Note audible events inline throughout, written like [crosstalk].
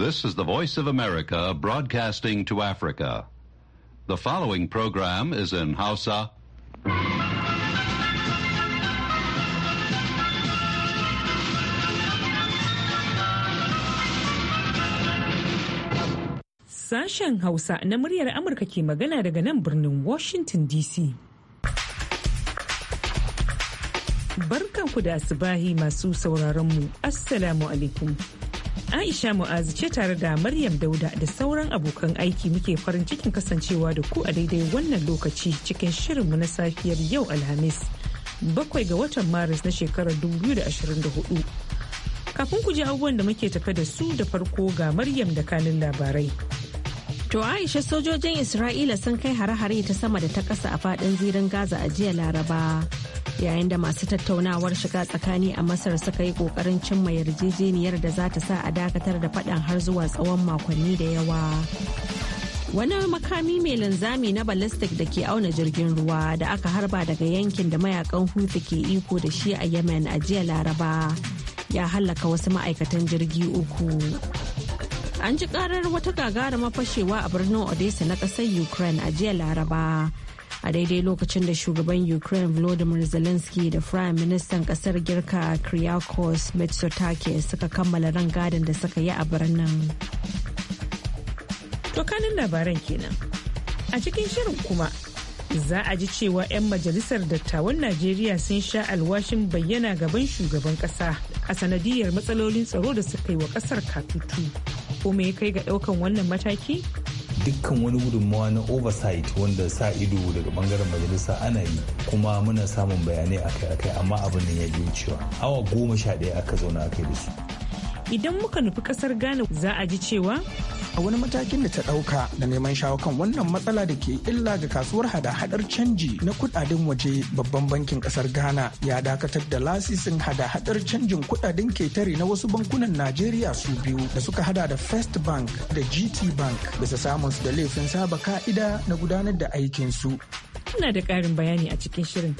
This is the Voice of America broadcasting to Africa. The following program is in Hausa. Sashen Hausa na muryar Amurka ke magana daga nan birnin Washington DC. Barkanku da asibahi masu sauraronmu, Assalamu alaikum. Aisha Mu'azu ce tare da Maryam Dauda da sauran abokan aiki muke farin cikin kasancewa da ku a daidai wannan lokaci cikin shirinmu na safiyar yau Alhamis. Bakwai ga watan Maris na shekarar 2024. Kafin ku ji abubuwan da muke tafe da su da farko ga Maryam da kanin labarai. To Aisha sojojin Isra'ila sun kai hare-hare ta sama da ta ƙasa a faɗin zirin Gaza a jiya Laraba. Yayin da masu tattaunawar shiga tsakani a Masar suka yi ƙoƙarin cimma yarjejeniyar da za ta sa a dakatar da faɗan har zuwa tsawon makonni da yawa. Wani makami mai linzami na ballistic da ke auna jirgin ruwa da aka harba daga yankin da mayakan Houthi ke iko da shi a Yemen a jiya Laraba ya hallaka wasu ma'aikatan jirgi uku. An ji karar wata gagarumar fashewa a birnin Odessa na ƙasar Ukraine a jiya Laraba. A daidai lokacin da shugaban Ukraine Volodymyr Zelensky da Prime Ministan ƙasar Girka kriakos Mitsotakis suka kammala ran rangadin da suka yi a birnin. Tokanin labaran kenan. A cikin shirin kuma za a ji cewa 'yan majalisar dattawan Najeriya sun sha alwashin bayyana gaban shugaban ƙasa a sanadiyar matsalolin tsaro da suka yi wa ƙasar katutu. ko ya kai ga daukan wannan mataki dukkan wani gudunmawa na oversight wanda sa ido daga bangaren majalisa ana yi kuma muna samun bayanai akai-akai amma abin nan ya ji cewa awa goma sha ɗaya aka zauna akai da su idan muka nufi kasar ghana za a ji cewa a wani matakin da ta ɗauka da neman shawo kan wannan matsala da ke illa ga kasuwar hada-hadar canji na kudaden waje babban bankin kasar ghana ya dakatar da lasisin hada-hadar canjin kudaden ketare na wasu bankunan najeriya su biyu da suka hada da first bank da gt bank bisa samun su da laifin saba ka'ida na gudanar da aikinsu. Ina da ƙarin bayani a cikin shirin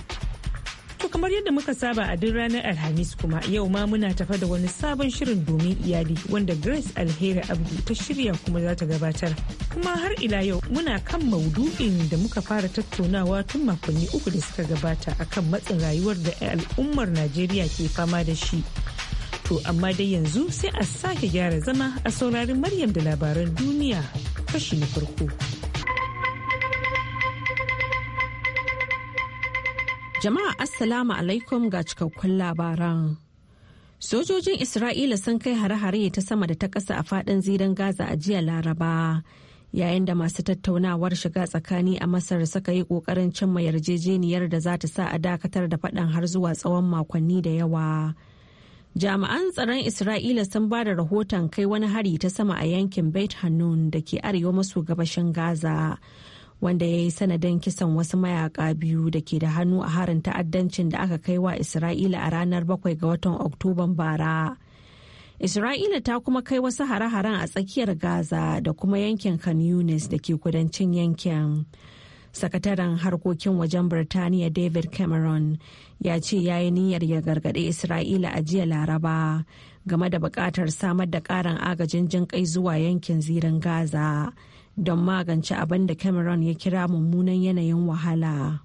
To kamar yadda muka saba a duk ranar Alhamis kuma yau ma muna tafa da wani sabon shirin domin iyali wanda Grace Alheri Abdu ta shirya kuma za ta gabatar. Kuma har ila yau muna kan maudu'in da muka fara tattaunawa tun makonni uku da suka gabata akan matsin rayuwar da al'ummar Najeriya ke fama da shi. To amma dai yanzu sai a sake gyara zama a saurarin Maryam da labaran duniya kashi na farko. Jama'a Assalamu alaikum ga cikakkun labaran. Sojojin Isra'ila sun kai hare-hare ta sama da ta ƙasa a faɗin zidan Gaza a jiya Laraba. Yayin da masu tattaunawar shiga tsakani a Masar suka yi ƙoƙarin cimma yarjejeniyar da za ta sa a dakatar da faɗan har zuwa tsawon makonni da yawa. Jami'an tsaron Isra'ila sun ba da rahoton kai wani hari ta sama a yankin Beit Hanun da ke arewa maso gabashin Gaza. wanda ya yi sanadin kisan wasu mayaka biyu da ke da hannu a harin ta'addancin da aka kai wa isra'ila a ranar 7 ga watan oktoban bara isra'ila ta kuma kai wasu hare-haren a tsakiyar gaza da kuma yankin kan yunis da ke kudancin yankin sakataren harkokin wajen birtaniya david cameron ya ce ya yi niyyar ya gargaɗe isra'ila a jiya laraba game da buƙatar samar da ƙarin agajin jinƙai zuwa yankin zirin gaza don magance abin da cameron ya kira mummunan yanayin wahala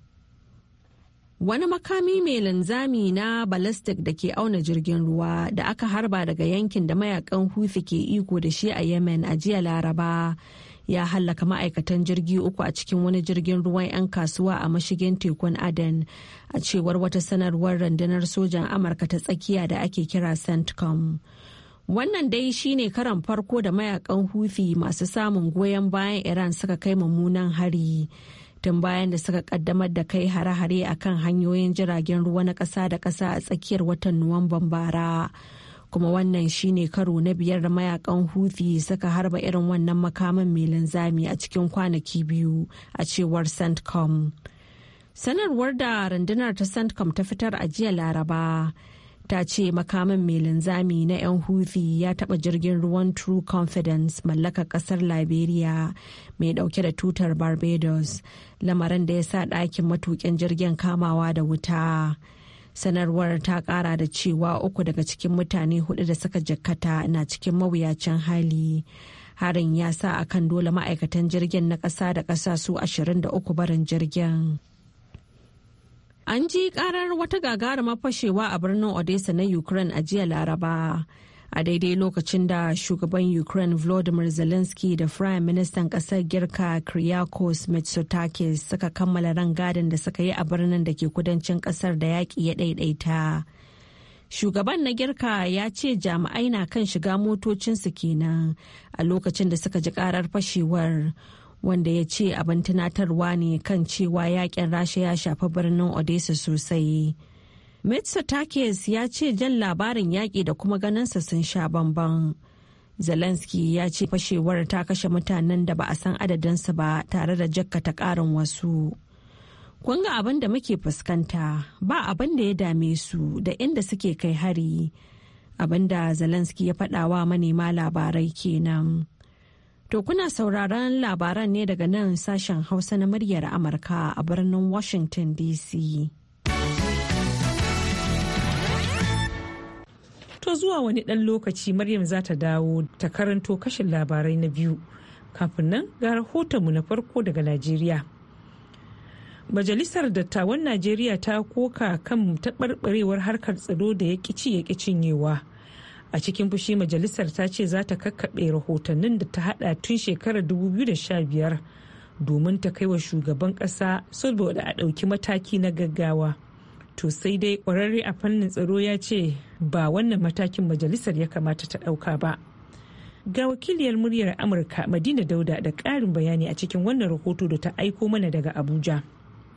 wani makami mai linzami na balastik da ke auna jirgin ruwa da aka harba daga yankin da mayakan huthi ke iko da shi a yemen a jiya laraba ya hallaka ma'aikatan jirgi uku a cikin wani jirgin ruwan 'yan kasuwa a mashigin tekun aden a cewar wata sanarwar rundunar sojan amurka ta tsakiya da ake kira centcom Wannan dai shine karan farko da mayakan hufi masu samun goyon bayan Iran suka kai mummunan hari. Tun bayan da suka kaddamar da kai hare-hare a kan hanyoyin jiragen ruwa na ƙasa da ƙasa a tsakiyar watan Nuwamban bara. Kuma wannan shine karo na biyar da mayakan hufi suka harba irin wannan makaman mai linzami a cikin kwanaki biyu a cewar Centcom. Sanarwar da rundunar ta Centcom ta fitar a jiya Laraba. ta ce makamin mai linzami na 'yan huthi ya taɓa jirgin ruwan True Confidence mallaka ƙasar Liberia mai ɗauke da tutar Barbados, lamarin da ya sa ɗakin matukin jirgin kamawa da wuta. Sanarwar ta ƙara da cewa uku daga cikin mutane hudu da suka jikkata na cikin mawuyacin hali. Harin ya sa akan dole ma'aikatan jirgin na ƙasa da ƙasa su 23 barin jirgin. An ji karar wata gagarumar fashewa a birnin Odessa na Ukraine a jiya Laraba. A daidai lokacin da shugaban Ukraine Volodymyr Zelensky da Prime Ministan ƙasar Girka Kriyakos Mitsotakis suka kammala rangadin da suka yi a birnin da ke kudancin ƙasar da yaƙi ya ɗaiɗaita. Shugaban na Girka ya ce jami'ai na kan shiga motocinsu kenan a lokacin da suka ji karar fashewar. wanda ya ce abin tunatarwa ne kan cewa yakin rasha ya shafi birnin odessa sosai mitsotakis ya ce jan labarin yaƙi da kuma ganinsa sun sha bamban zelensky ya ce fashewar ta kashe mutanen da ba a san adadinsu ba tare da jakkata ƙarin wasu kun ga abin da muke fuskanta ba abin da ya dame su da inda suke kai hari abin da zelensky ya faɗawa manema labarai kenan. To kuna sauraron labaran ne daga nan sashen Hausa na muryar Amurka a birnin Washington DC. To zuwa wani ɗan lokaci Maryam za ta dawo ta karanto kashin labarai na biyu. Kafin nan ga rahotonmu na farko daga Najeriya. Majalisar Dattawan Najeriya ta koka kan taɓarɓarewar harkar tsaro da ya ci ya ƙi cinyewa. a cikin fushi majalisar ta ce za ta kakkaɓe rahotannin da ta hada tun shekarar 2015 domin ta kai wa shugaban ƙasa saboda a ɗauki mataki na gaggawa to sai dai ƙwararre a fannin tsaro ya ce ba wannan matakin majalisar ya kamata ta ɗauka ba ga wakiliyar muryar amurka madina dauda da ƙarin bayani a cikin wannan rahoto da ta aiko mana daga abuja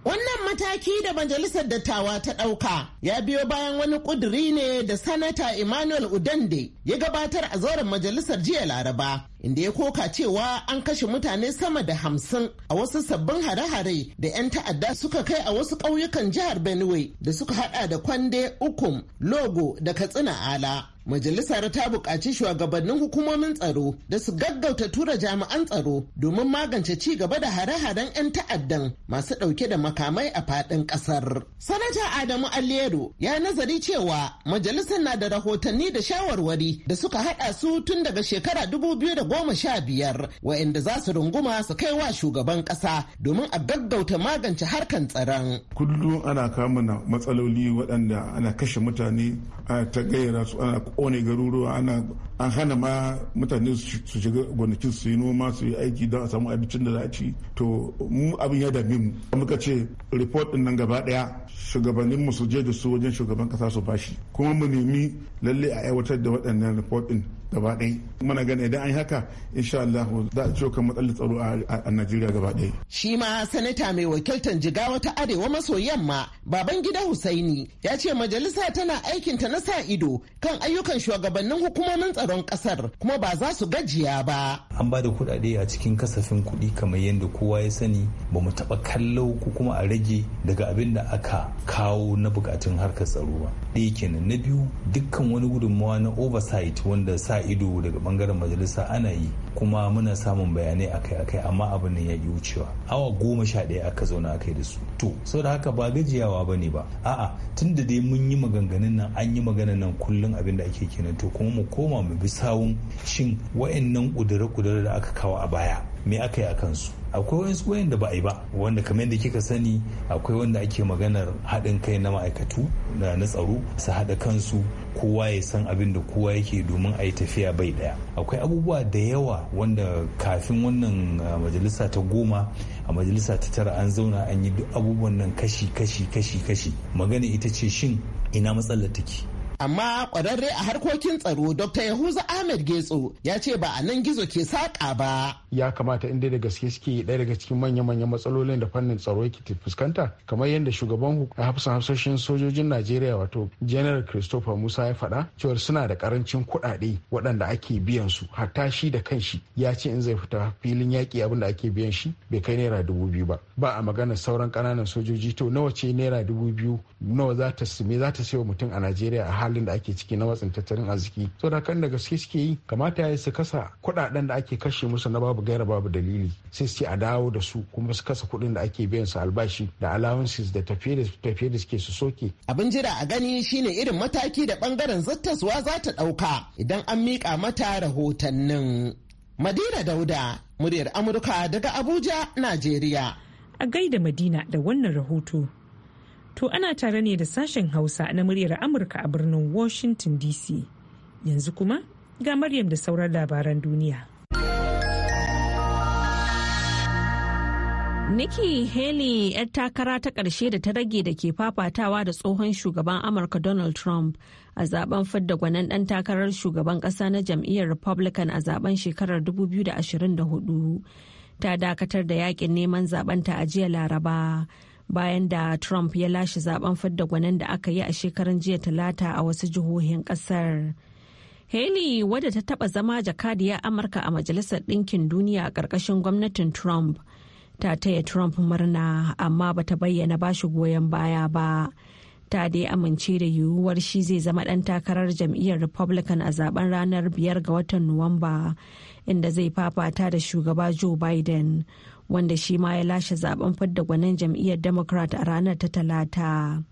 Wannan mataki da majalisar dattawa ta ɗauka ya biyo bayan wani ƙuduri ne da sanata Emmanuel Udande ya gabatar a zauren majalisar jiya Laraba inda ya koka cewa an kashe mutane sama da hamsin a wasu sabbin hare-hare da 'yan ta'adda suka kai a wasu ƙauyukan jihar benue da suka hada da kwande ukum logo da katsina ala majalisar ta buƙaci shugabannin hukumomin tsaro da su gaggauta tura jami'an tsaro domin magance ci gaba da hare-haren 'yan ta'addan masu ɗauke da makamai a faɗin ƙasar. sanata adamu allero ya nazari cewa majalisar na da rahotanni da shawarwari da suka haɗa su tun daga shekara dubu biyu da goma sha biyar wa'inda za su runguma su kai wa shugaban kasa domin a gaggauta magance harkan tsaron. Kullum ana kama na matsaloli waɗanda ana kashe mutane ta gayyara su ana ƙone garuruwa ana an hana ma mutane su shiga gonakin su yi noma su yi aiki don a samu abincin da za a ci to mu abin ya dame mu muka ce report din nan gaba daya shugabannin mu su je da su wajen shugaban kasa su bashi kuma mu nemi lalle a aiwatar da waɗannan report din gaba ɗaya mana gani idan an yi haka insha Allah za a ciwo kan matsalar tsaro a Najeriya gaba ɗaya. Shi ma sanata mai wakiltar jigawa ta arewa maso yamma baban gida Husaini ya ce majalisa tana aikin ta na sa ido kan ayyukan shugabannin hukumomin tsaron ƙasar kuma ba za su gajiya ba. An ba da kuɗaɗe a cikin kasafin kuɗi kamar yadda kowa ya sani ba mu taɓa kallo ko kuma a rage daga abin da aka kawo na bukatun harkar tsaro ba. Ɗaya kenan na biyu dukkan wani gudunmawa na oversight wanda sa ido daga bangaren majalisa ana yi kuma muna samun bayanai akai-akai amma abin nan ya yi wucewa awa goma sha ɗaya aka zauna akai da su to saboda haka ba gajiyawa ba ne ba a'a tun da dai mun yi maganganun nan an yi magana nan kullum abin da ake kenan to kuma mu koma mu bi sawun shin wa'annan kudure kudura da aka kawo a baya me aka yi a kansu akwai wasu da ba a yi ba wanda kamar yadda kika sani akwai wanda ake maganar haɗin kai na ma'aikatu na tsaro su haɗa kansu kowa ya san abin da kowa yake domin a yi tafiya bai ɗaya akwai abubuwa da yawa wanda kafin wannan ah, majalisa ta goma a majalisa ta tara an zauna an yi duk abubuwan nan kashi kashi kashi kashi magana ita ce shin ina matsalar take Amma kwararre a harkokin tsaro Dr. Yahuza Ahmed Getso ya ce ba a nan gizo ke saƙa ba. Ya kamata inda da gaske suke ɗaya daga cikin manya-manyan matsalolin da fannin tsaro yake fuskanta kamar yadda shugaban hafsan hafsoshin sojojin Najeriya wato General Christopher Musa ya faɗa cewa suna da karancin kuɗaɗe waɗanda ake biyan su hatta shi da kan shi ya ce in zai fita filin yaƙi abin da ake biyan shi bai kai naira dubu biyu ba ba a magana sauran ƙananan sojoji to nawa ce naira dubu biyu nawa za ta me za ta sayo mutum a Najeriya a halin da ake ciki na matsin tattalin arziki to da kan da gaske suke yi kamata ya su kasa kudaden da ake kashe musu na babu gaira babu dalili sai su a dawo da su kuma su kasa kuɗin da ake biyan su albashi da allowances da tafiye da suke su soke abin jira a gani shine irin mataki da bangaren zattaswa za ta dauka idan an mika mata rahotannin madina dauda muryar amurka daga abuja najeriya a gaida madina da wannan rahoto To ana tare ne da sashen Hausa na muryar Amurka a birnin Washington DC. Yanzu kuma ga Maryam da sauran labaran duniya. Nikki Haley 'yar takara ta ƙarshe da ta rage da ke fafatawa da tsohon shugaban Amurka Donald Trump a zaben fidda gwanan ɗan takarar shugaban ƙasa na jam'iyyar Republican a zaben shekarar 2024 ta dakatar da yakin neman zabenta a jiya Laraba. bayan da Trump ya lashe zaben fidda gwanin da aka yi a shekarun jiya talata a wasu jihohin kasar. Haley wadda ta taba zama jakadiyar Amurka a Majalisar Ɗinkin Duniya a ƙarƙashin gwamnatin Trump ta taya Trump murna amma ba ta bayyana ba shi goyon baya ba. Ta dai amince da yiwuwar shi zai zama ɗan takarar jam'iyyar Republican a zaben ranar biyar ga watan Nuwamba inda zai fafata da shugaba Joe Biden. wanda shi ma ya lashe zaben fidda gwanin jam'iyyar democrat a ranar ta talata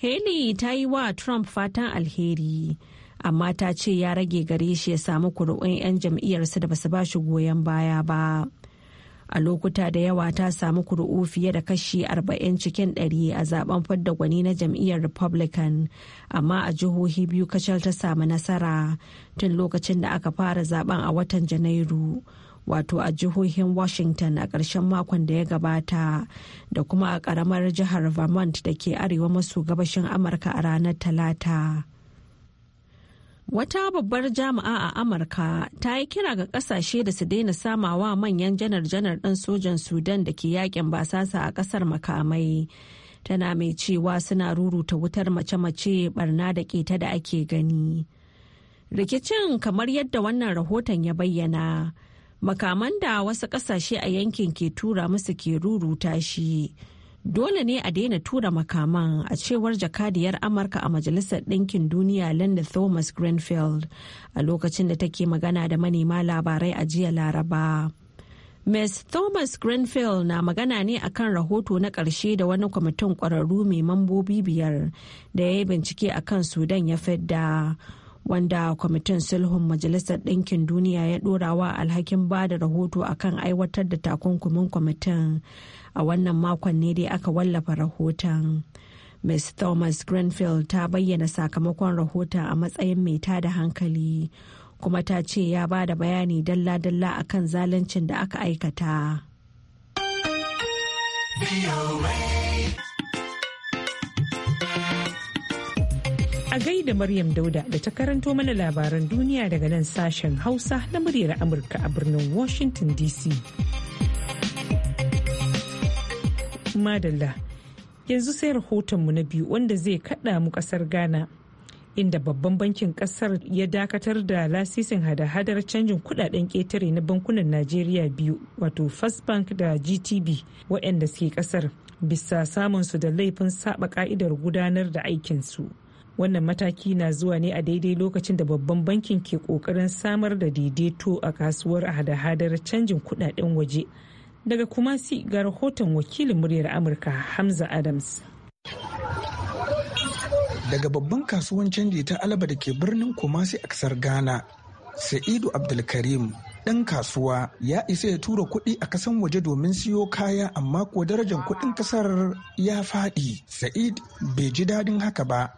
haley ta yi wa trump fatan alheri amma ta ce ya rage gare shi ya samu kuri'un 'yan jam'iyyarsa da basu ba shi goyon baya ba a lokuta da yawa ta samu kuri'u fiye da kashi arba'in cikin 100 a zaben fidda gwani na jam'iyyar republican amma a jihohi biyu kacal ta samu nasara tun lokacin da aka fara zaben a watan janairu wato a jihohin washington a ƙarshen makon da ya gabata da kuma a ƙaramar jihar vermont da ke arewa maso gabashin amurka a ranar talata Wata babbar jami'a a Amurka ta yi kira ga kasashe da su daina samawa manyan janar-janar ɗin sojan Sudan da ke yakin basasa a ƙasar makamai. Tana mai cewa suna ruruta wutar mace-mace barna da keta da ake gani. Rikicin kamar yadda wannan rahoton ya bayyana. makaman da wasu kasashe a yankin ke tura musu ke ruruta shi dole ne a daina tura makaman a cewar jakadiyar amurka a majalisar ɗinkin duniya linda thomas greenfield a lokacin da take magana da manema labarai a jiya laraba ms thomas greenfield na magana ne akan rahoto na ƙarshe da wani kwamitin ƙwararru mai mambobi biyar da ya yi bincike a kan sudan ya fidda. wanda kwamitin sulhun majalisar ɗinkin duniya ya ɗorawa alhakin ba da rahoto akan aiwatar da takunkumin kwamitin a wannan makon ne dai aka wallafa rahoton ms thomas greenfield ta bayyana sakamakon rahoton a matsayin mai tada hankali kuma ta ce ya ba da bayani dalla-dalla akan zaluncin da aka aikata. A gaida Maryam Dauda da ta karanto mana labaran duniya daga nan sashen Hausa na muryar Amurka a birnin Washington DC. Madalla, yanzu sai rahotonmu na biyu wanda zai kaɗa mu ƙasar Ghana. Inda babban bankin ƙasar ya dakatar da lasisin hada-hadar canjin kudaden ketare na bankunan Najeriya biyu, wato First Bank da GTB waɗanda suke ƙasar, bisa samunsu da laifin saba ka'idar gudanar da aikinsu. wannan mataki na zuwa ne a daidai lokacin da babban bankin ke kokarin samar da daidaito a kasuwar hada-hadar canjin kudaden waje daga kumasi ga rahoton wakilin muryar amurka hamza adams daga babban kasuwan canji ta alaba da ke birnin kumasi a kasar ghana sa'idu abdulkarim ɗan kasuwa ya isa ya tura kuɗi a kasan waje domin siyo kaya amma ko darajar kuɗin ƙasar ya faɗi sa'id bai ji daɗin haka ba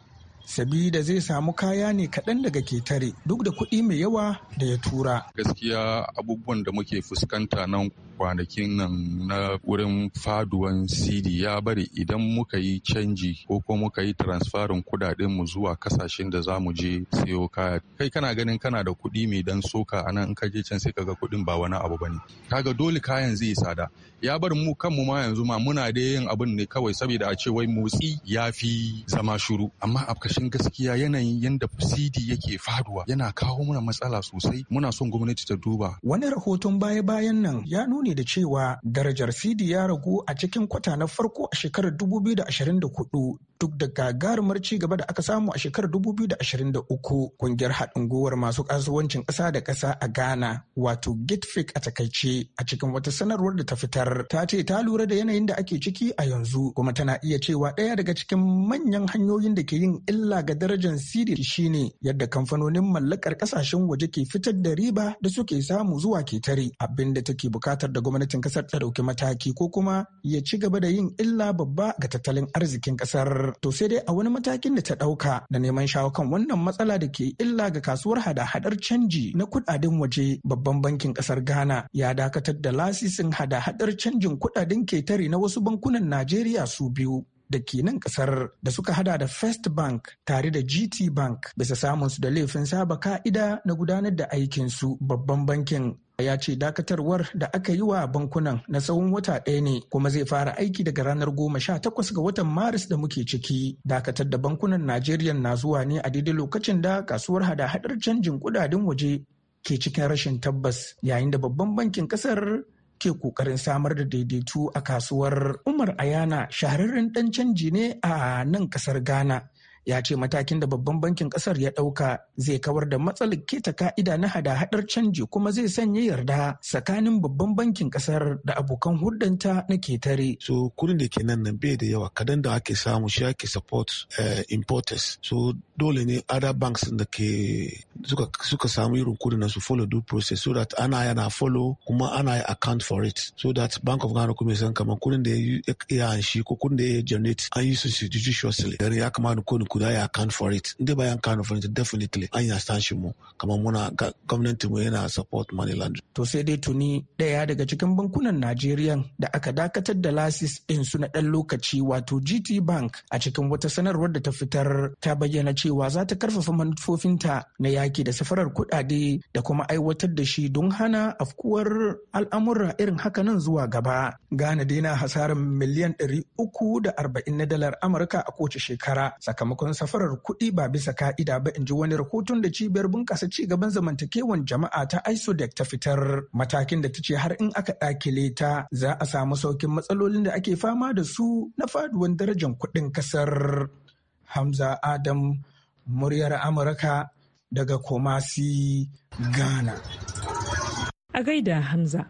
sabida zai samu kaya ne kaɗan daga ketare duk da kuɗi mai yawa da ya tura. Gaskiya abubuwan da muke fuskanta nan kwanakin nan na wurin faduwan CD ya bari idan muka yi canji ko kuma muka yi transferin kudaden mu zuwa kasashen da zamu je siyo kaya. Kai kana ganin kana da kuɗi mai dan soka a nan in ka je can sai kaga kuɗin ba wani abu bane. Kaga dole kayan zai tsada. Ya bar mu kanmu ma yanzu ma muna da yin abin ne kawai saboda a ce wai motsi ya fi zama shuru amma a ƙarshen gaskiya yanayin yadda CD yake faduwa yana kawo mana matsala sosai muna son gwamnati ta duba. Wani rahoton baya-bayan nan ya nuni da cewa darajar CD ya ragu a cikin kwata na farko a shekarar 2024 duk da gagarumar ci gaba da aka samu a shekarar dubu 2023 kungiyar haɗin gwiwar masu kasuwancin ƙasa da ƙasa a Ghana wato Gitfik a takaice a cikin wata sanarwar da ta fitar ta ce ta lura da yanayin da ake ciki a yanzu kuma tana iya cewa ɗaya daga cikin manyan hanyoyin da ke yin illa ga darajar siri shine yadda kamfanonin mallakar ƙasashen waje ke fitar da riba da suke samu zuwa ketare abin da take buƙatar da gwamnatin ƙasar ta ɗauki mataki ko kuma ya ci gaba da yin illa babba ga tattalin arzikin ƙasar to sai dai a wani matakin da ta ɗauka da neman shawo kan wannan matsala da ke illa ga kasuwar hada-hadar canji na kudaden waje babban bankin kasar ghana ya dakatar da lasisin hada-hadar canjin kudaden ketare na wasu bankunan najeriya su biyu da ke nan kasar da suka hada da First Bank tare da GT Bank bisa samun su da laifin saba ka'ida na gudanar da aikinsu babban bankin ya ce dakatarwar da aka yi wa bankunan na tsawon wata ɗaya ne kuma zai fara aiki daga ranar goma sha takwas ga watan maris da muke ciki dakatar da bankunan najeriya na zuwa ne a daidai lokacin da kasuwar hada-hadar canjin kudaden waje ke cikin rashin tabbas yayin da babban bankin kasar ke kokarin samar da daidaito a kasuwar umar ayana shahararren dan canji ne a nan kasar ghana ya ce matakin da babban bankin kasar ya ɗauka zai kawar da matsalar keta ka'ida na hada-hadar canji kuma zai sanya yarda tsakanin babban bankin kasar da abokan hudunta na ketare. so kudin da ke nan nan bai da yawa kadan da ake samu shi ake support uh, importers so dole ne other banks da ke suka, suka samu irin kudin na su follow due process so that ana yana follow kuma ana yi account for it so that bank of ghana kuma san kamar kudin da ya yi shi ko kudin da ya generate an yi su judiciously ya kamata kudin could I account for it? ba account for it, definitely an yasta shi mu kamar muna gwamnati mu yana support money laundry. To sai dai tuni ɗaya daga cikin bankunan Najeriya da aka dakatar da lasis din su na ɗan lokaci wato GT Bank a cikin wata sanarwar da ta fitar ta bayyana cewa za ta karfafa manufofinta na yaki da safarar kuɗaɗe da kuma aiwatar da shi don hana afkuwar al'amura irin haka nan zuwa gaba. Ghana dai na hasarar miliyan 340 na dalar Amurka a kowace shekara sakamakon sakamakon safarar kuɗi ba bisa ka'ida ba in ji wani rahoton da cibiyar bunƙasa ci gaban zamantakewan jama'a ta isodec ta fitar matakin da ta ce har in aka ɗakile ta za a samu saukin matsalolin da ake fama da su na faduwan darajar kuɗin ƙasar hamza adam muryar amurka daga komasi ghana a gaida hamza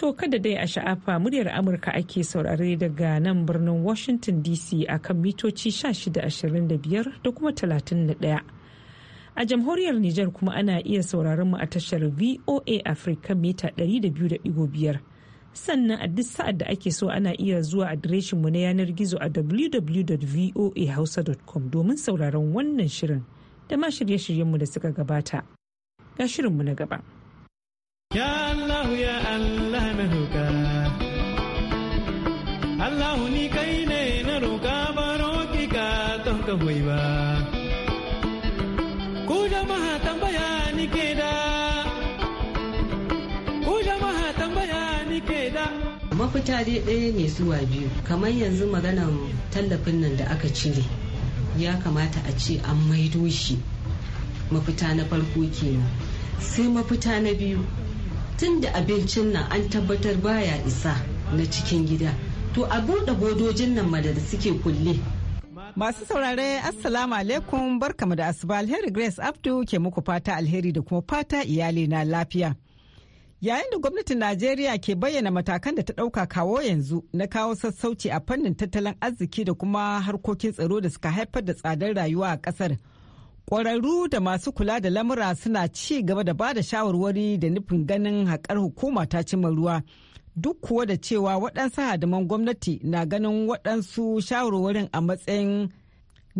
To kada dai a sha'afa muryar Amurka ake saurare daga nan birnin Washington DC a kan mitoci 1625 da kuma 31. A jamhuriyar Nijar kuma ana iya sauraron mu a tashar VOA Africa mita 200.5. Sannan a duk sa'ad da ake so ana iya zuwa mu na yanar gizo a www.voahausa.com domin sauraron wannan shirin da ma shirye-shiryenmu da suka gabata. Ga shirinmu na gaba. Ya Allah ya Allah. Allah ni kai ne na roƙa baro ki ka don ka hoyi ba. Ku jama'a tambaya ni ke da, ku jama'a tambaya ni ke da. Mafita dai ɗaya ne zuwa biyu, kamar yanzu maganan tallafin nan da aka cire, ya kamata a ce an maido shi mafita na farko kenan. Sai mafita na biyu, tun da abincin nan an tabbatar baya isa na cikin gida. to a buɗe bodojin nan madad da suke kulle Masu saurare Assalamu alaikum barkamu da asuba alheri Grace Abdu ke muku fata alheri da kuma fata iyali na lafiya. Yayin da gwamnatin Najeriya ke bayyana matakan da ta ɗauka kawo yanzu na kawo sassauci a fannin tattalin arziki da kuma harkokin tsaro da suka haifar da tsadar rayuwa a ƙasar. Ƙwararru da masu kula da lamura suna ci gaba da ba da shawarwari da nufin ganin haƙar hukuma ta cimma ruwa. duk kuwa da cewa waɗansu hadiman gwamnati na ganin waɗansu shawarwarin a matsayin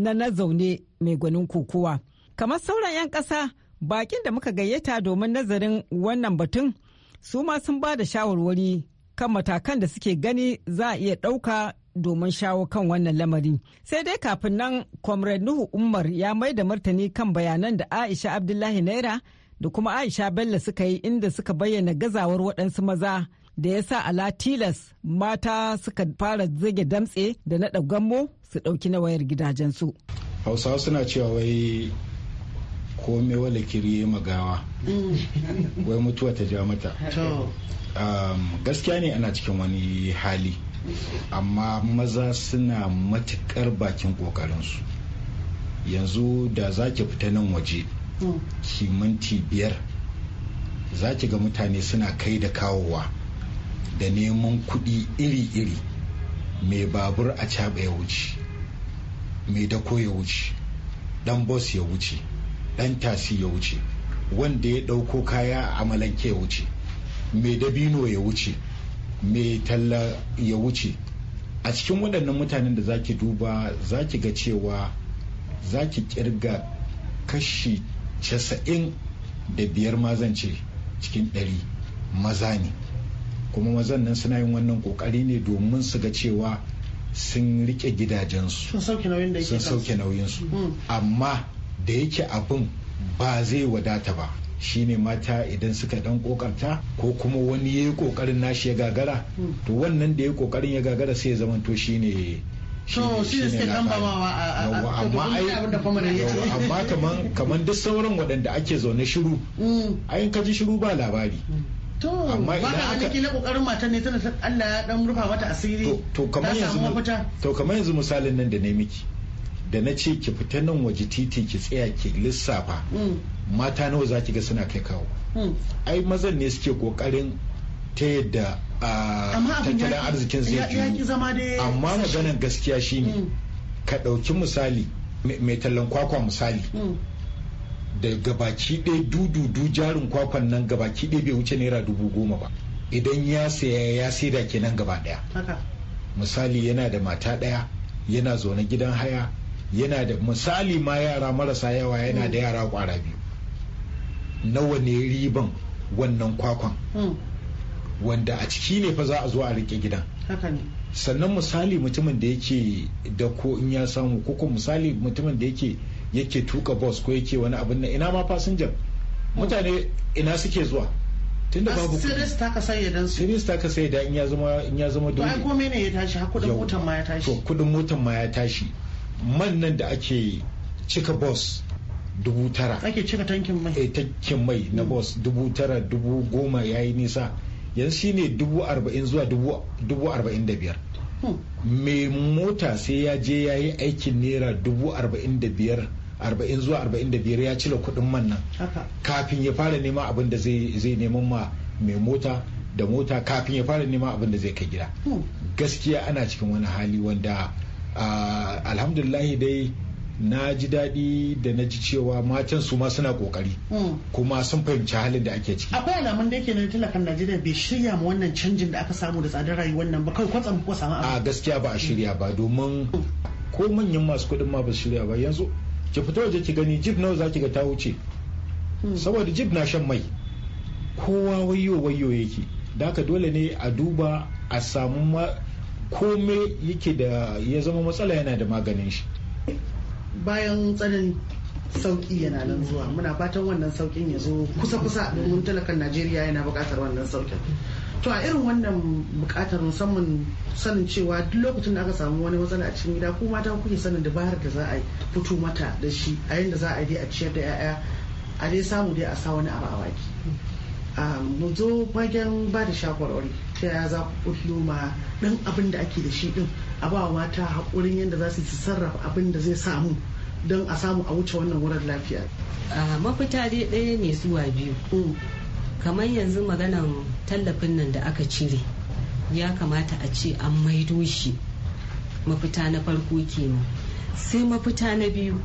na na zaune mai gwanin kokowa. Kamar sauran 'yan ƙasa bakin da muka gayyata domin nazarin wannan batun su ma sun ba da shawarwari kan matakan da suke gani za a iya ɗauka domin shawo kan wannan lamari. Sai dai kafin nan Comrade Nuhu Umar ya mai da martani kan bayanan da Aisha Abdullahi Naira da kuma Aisha Bello suka yi inda suka bayyana gazawar waɗansu maza da ya sa ala tilas mata suka fara zage damtse da naɗa gammo su ɗauki na wayar gidajensu. hausawa suna cewa wai kome wale kiriye magawa mm. wai mutuwa ta ja mata um, gaskiya ne ana cikin wani hali amma maza suna matukar bakin kokarinsu yanzu da za ki fita nan waje mm. kimanti biyar za ki ga mutane suna kai da kawowa da neman kuɗi iri-iri mai babur a caɓa ya wuce mai dako ya wuce ɗan bos ya wuce ɗan tasi ya wuce wanda ya ɗauko kaya a amalanke ya wuce mai dabino ya wuce mai talla ya wuce a cikin waɗannan mutanen da zaki duba zaki ga cewa zaki kirga kashi casa'in da biyar mazan ce cikin ɗari maza ne kuma mazan nan suna yin wannan kokari ne domin su ga cewa sun rike gidajensu sun sauke nauyinsu hmm. amma da yake abin ba zai wadata ba shine mata idan suka dan kokarta ko kuma wani ya yi kokarin nashi ya gagara hmm. to wannan da ya yi kokarin ya gagara sai ya zamanto shine amma kaman duk sauran waɗanda ake zaune shiru hmm. ayin kaji ji shiru ba labari to amma idan aka kokarin ne Allah ya dan rufa mata asiri to kamar yanzu to kamar yanzu misalin nan da ne miki da na ce ki fita nan waje titi ki tsaya ki lissafa mm. mata nawa za ki ga suna kai kawo mm. ai mazan ne suke kokarin ta yadda a tattalin arzikin zai juyu amma maganar gaskiya shine mm. ka ɗauki misali mai tallan kwakwa misali da gabaki ɗaya dududu jarin kwakwan nan gabaki ɗaya bai wuce naira dubu goma ba idan ya saya ya saida kenan gaba ɗaya misali yana da mata ɗaya yana zaune gidan haya yana da misali ma yara marasa yawa yana da mm. yara kwara biyu nawa ne riban wannan kwakwan mm. wanda a ciki ne fa za a zo a rike gidan sannan misali mutumin da yake da ko in ya samu ko misali mutumin da yake yake tuka bus ko yake wani abin nan ina ma fasinjan mutane ina suke zuwa tunda babu siris ta ka sai dan siris ta ka sai da in ya zama in ya zama dole ai komai ne ya tashi har kudin motar ma ya tashi to kudin motar ma ya tashi man nan da ake cika bus dubu tara ake cika tankin mai eh tankin mai na hmm. bus dubu tara dubu goma yayi nisa yanzu shine dubu arba'in zuwa dubu arba'in da biyar mai hmm. mota sai ya je ya yi aikin naira dubu arba'in da biyar arba'in zuwa arba'in da biyar ya cire kuɗin man nan kafin ya fara neman abin da zai neman ma mai mota da mota kafin ya fara neman abin da zai kai gida hmm. gaskiya ana cikin wani hali wanda alhamdulillahi dai na ji daɗi da na ji cewa matan su ma suna kokari hmm. kuma sun fahimci halin da ake ciki akwai alamun da yake na talakan najeriya bai shirya ma wannan canjin da aka samu da tsadar rayuwar nan ba kai kwatsam ko ma. a gaskiya ba a shirya ba domin hmm. ko manyan masu kuɗin ma ba shirya ba yanzu ki fito waje ki gani jib nawa zaki ga ta wuce hmm. saboda jib na shan mai kowa wayo wayo yake da haka dole ne a duba a samu kome yake da ya zama matsala yana da maganin shi bayan tsanin sauki yana nan zuwa muna fatan wannan saukin ya zo kusa-kusa domin talakan najeriya yana bukatar wannan saukin to a irin wannan bukatar musamman sanin cewa duk lokacin da aka samu wani matsala a cikin gida ko mata kuke sanin dabarar da za a fito mata da shi a yadda za a je a ciyar da 'ya'ya a dai samu dai a sa wani abu a baki mu zo bagen ba da shawarwari ta yaya za ku kullo ma ɗan abin da ake da shi ɗin a ba mata haƙurin yadda za su sarrafa abin da zai samu don a samu a wuce wannan wurin lafiya ah, mafita dai ɗaya ne zuwa biyu mm. kamar yanzu maganan tallafin nan da aka cire ya kamata a ce an maido shi mafita na farko kenan sai mafita na biyu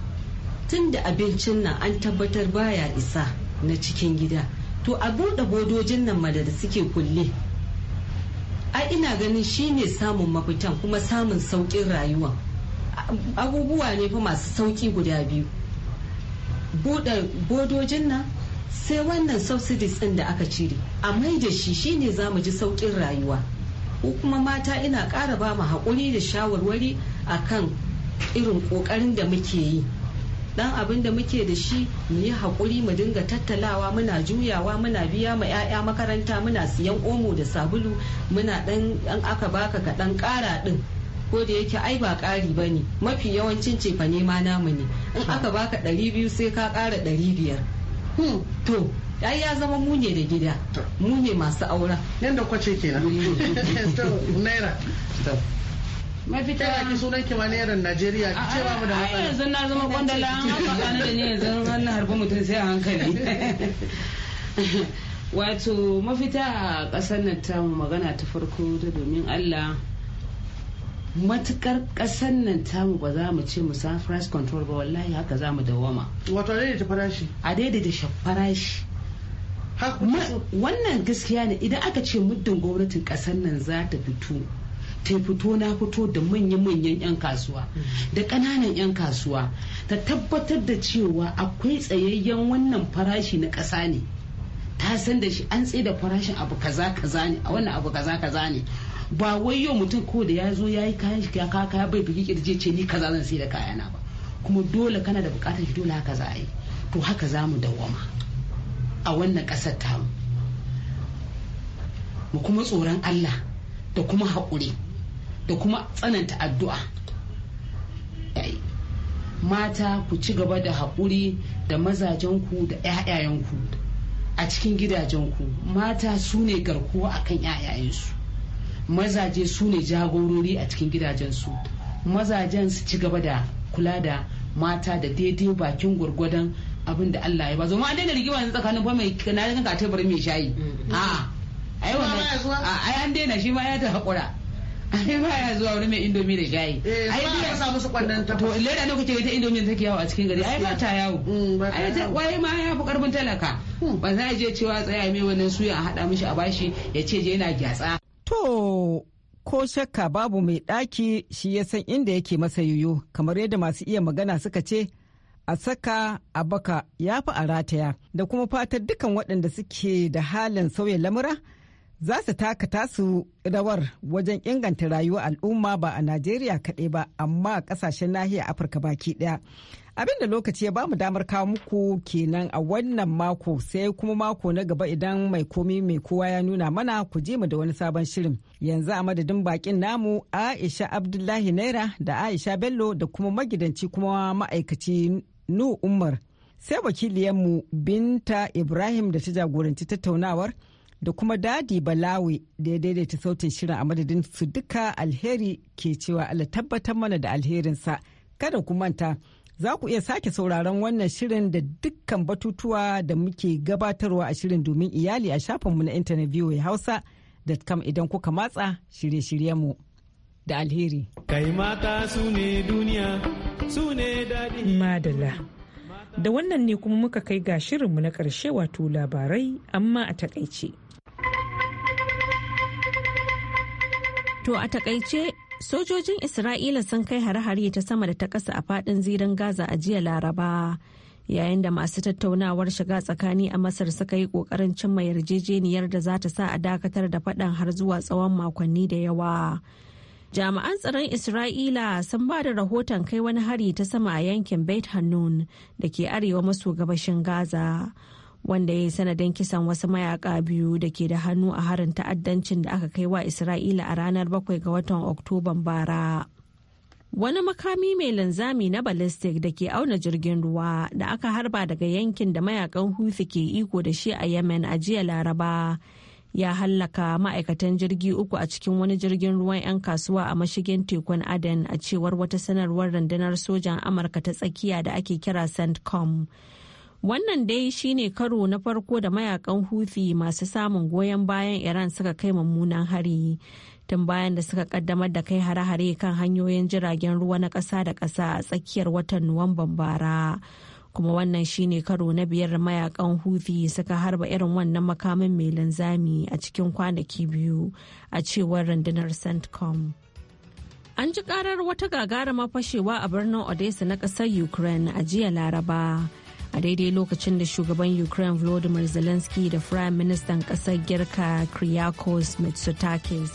tun da abincin nan an tabbatar baya isa na cikin gida to a bude bodojin nan mada da suke kulle a ina ganin shine samun mafitan kuma samun saukin rayuwa abubuwa ne fa masu sauki guda biyu bude bodojin nan sai wannan subsidies ɗin da aka cire a mai da shi shine za mu ji sauƙin rayuwa ko kuma mata ina ƙara ba mu haƙuri da shawarwari a kan irin ƙoƙarin da muke yi dan abin da muke da shi mu yi haƙuri mu dinga tattalawa muna juyawa muna biya ma 'ya'ya makaranta muna siyan omo da sabulu muna dan an aka baka ka dan ƙara ɗin ko da yake ai ba ƙari ba ne mafi yawancin cefane ma namu ne in aka baka ɗari biyu sai ka ƙara ɗari biyar Hmm, to ai ya zama munye da gida munye masu aura auren da kwace kenan [laughs] naira mafita ya ki sunan ki maneran Najeriya ki ce ba mu da matsala yanzu na zama kwandala an haka da ni yanzu an harbi mutum sai a hankali [laughs] wato mafita a ƙasar nan ta magana ta farko ta domin Allah matukar kasan nan tamu ba za mu ce mu san price control ba wallahi haka za mu dawoma wato a daidaita farashi a daidaita farashi wannan gaskiya ne idan aka ce muddin gwamnatin kasan nan za ta fito ta fito na fito da manya-manyan 'yan kasuwa da ƙananan 'yan kasuwa ta tabbatar da cewa akwai tsayayyen wannan farashi na ƙasa ne ta san da shi an tsaye da farashin abu kaza kaza ne a wannan abu kaza kaza ne ba wai yau mutum ko da ya zo ya yi kayan shi ya kaya bai bugi kirje ce ni kaza zan sai da kayana ba kuma dole kana da bukatar shi dole haka za a yi to haka za mu dawwama a wannan kasar ta mu kuma tsoron Allah da kuma haƙuri da kuma tsananta addu'a mata ku ci gaba da haƙuri da mazajenku da ƴaƴayenku a cikin gidajenku mata su ne garkuwa akan ƴaƴayensu mazaje su ne jagorori a cikin gidajensu mazajen su ci gaba da kula da mata da daidai bakin gwargwadon abin da Allah ya ba zo ma daina rigima yanzu tsakanin ba mai kana ga ka tabar mai shayi mm-hmm. a ai wannan ai an daina shi ma ya ta hakura [laughs] ai ba ya zuwa wani mai indomi da shayi eh, ai ba sa musu kwandan ta to leda ne kuke ta indomi take yawo a cikin gari ai ba ta yawo mm, ai ta wai ma ya fi karfin talaka hmm. ba za a je cewa tsaya mai wannan suya a hada mishi a bashi ya ce je yana gyatsa To, ko shakka babu mai ɗaki shi ya san inda yake masa yoyo, kamar yadda masu iya magana suka ce, a saka a baka ya fi a rataya, da kuma fatar dukan waɗanda suke da halin sauya lamura za su taka tasu rawar wajen inganta rayuwar al'umma ba a Najeriya kaɗai ba, amma a ƙasashen nahiyar Afirka baki ɗaya. abin da lokaci ya bamu damar kawo muku kenan a wannan mako sai kuma mako na gaba idan mai komi mai kowa ya nuna mana ku je mu da wani sabon shirin yanzu a madadin bakin namu aisha abdullahi naira da aisha bello da kuma magidanci kuma ma'aikaci nu umar sai wakiliyanmu binta ibrahim da ta jagoranci tattaunawar da kuma dadi balawi da ya daidaita sautin shirin a madadin su duka alheri ke cewa allah tabbatar mana da alherinsa kada ku manta za ku iya sake sauraron wannan shirin da dukkan batutuwa da muke gabatarwa a shirin domin iyali a shafinmu na intanet voa hausa.com idan kuka matsa shirye-shiryenmu da alheri. Kai mata su ne duniya su ne daɗi. Madala. Da wannan ne kuma muka kai ga shirinmu na ƙarshe wato labarai amma a takaice. To a takaice Sojojin Isra'ila sun kai hare-hare ta sama da ta ƙasa a faɗin zirin Gaza a jiya Laraba. Yayin da masu tattaunawar shiga tsakani a Masar suka yi ƙoƙarin cimma yarjejeniyar da za ta sa a dakatar da faɗan har zuwa tsawon makonni da yawa. Jami'an tsaron Isra'ila sun ba da rahoton kai wani hari ta sama a yankin Beit Hanun da ke arewa maso gabashin Gaza. wanda ya yi sanadin kisan wasu mayaka biyu da ke da hannu a harin ta'addancin da aka kai wa isra'ila a ranar 7 ga watan oktoban bara wani makami mai linzami na ballistic da ke auna jirgin ruwa da aka harba daga yankin da mayakan huthi ke iko da shi a yemen a jiya laraba ya hallaka ma'aikatan jirgi uku a cikin wani jirgin ruwan 'yan kasuwa a mashigin tekun aden a cewar wata sanarwar rundunar sojan amurka ta tsakiya da ake kira centcom Wannan dai shine karo na farko da mayakan Houthi masu samun goyon bayan Iran suka kai mummunan hari. Tun bayan da suka kaddamar da kai hare-hare kan hanyoyin jiragen ruwa na ƙasa da ƙasa a tsakiyar watan Nuwamban bara. Kuma wannan shine karo na biyar da mayakan Houthi suka harba irin wannan makamin mai linzami a cikin kwanaki biyu a cewar rundunar CENTCOM. An ji karar wata gagarumar fashewa a birnin Odessa na ƙasar Ukraine a jiya Laraba. a daidai lokacin da shugaban ukraine volodymyr zelensky da prime minister kasar girka kriakos mitsotakis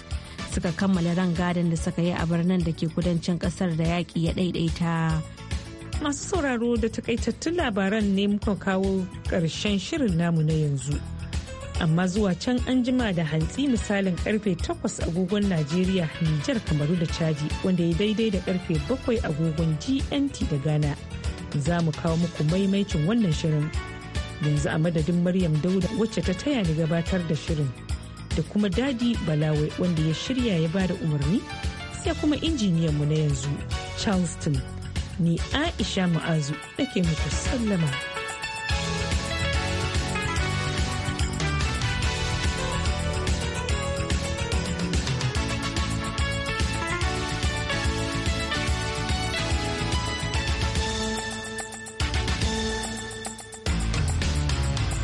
suka kammala gadon da suka yi a birnin da ke kudancin kasar da yaƙi ya ɗaiɗaita masu sauraro da takaitattun labaran ne muka kawo ƙarshen shirin namu na yanzu amma zuwa can an jima da hantsi misalin karfe 8 agogon najeriya nijar kamaru da caji wanda ya daidai da karfe 7 agogon gnt da ghana za mu kawo muku maimaicin wannan shirin yanzu a madadin maryam dauda wacce ta taya ni gabatar da shirin da kuma dadi balawai wanda ya shirya ya bada umarni sai kuma injiniyan mu na yanzu charleston ni aisha ma'azu nake muku sallama.